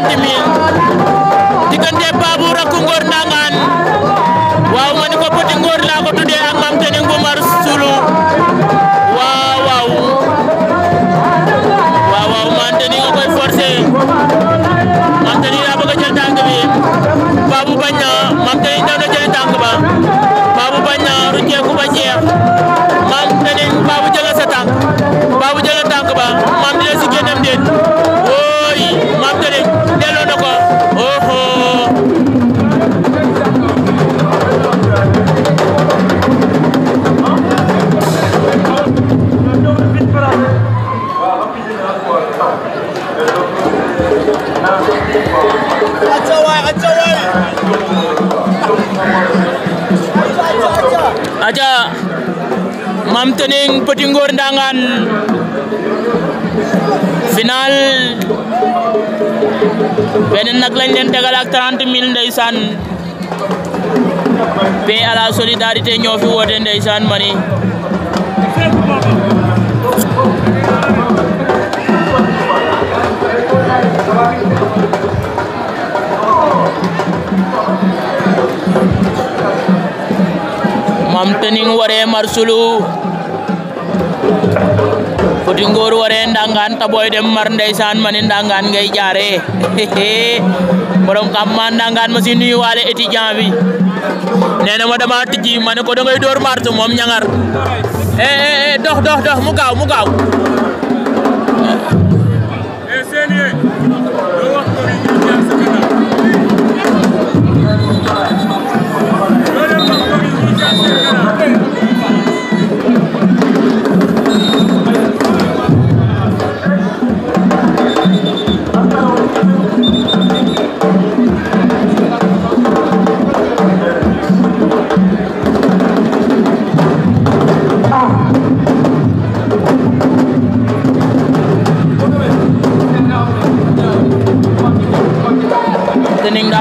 pandemic. acca waay acca waay acca Mame Tening Petit Ngor Ndangaan final beneen nag lañ leen tegal ak 30 000 ndeysaan paix à la solidarité ñoo fi woote ndeysaan mani mamtening ware marsulu foti ngor ware ndangaan ta de dem mar ndeysaan mani ndangaan ngay jaare borom kam ma ndangaan ma si waale étudiant neena ma dama tijji ma ko da ngay door mars moom ñangar eh eh, eh dox dox mu gaaw mu gaaw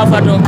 喝粥。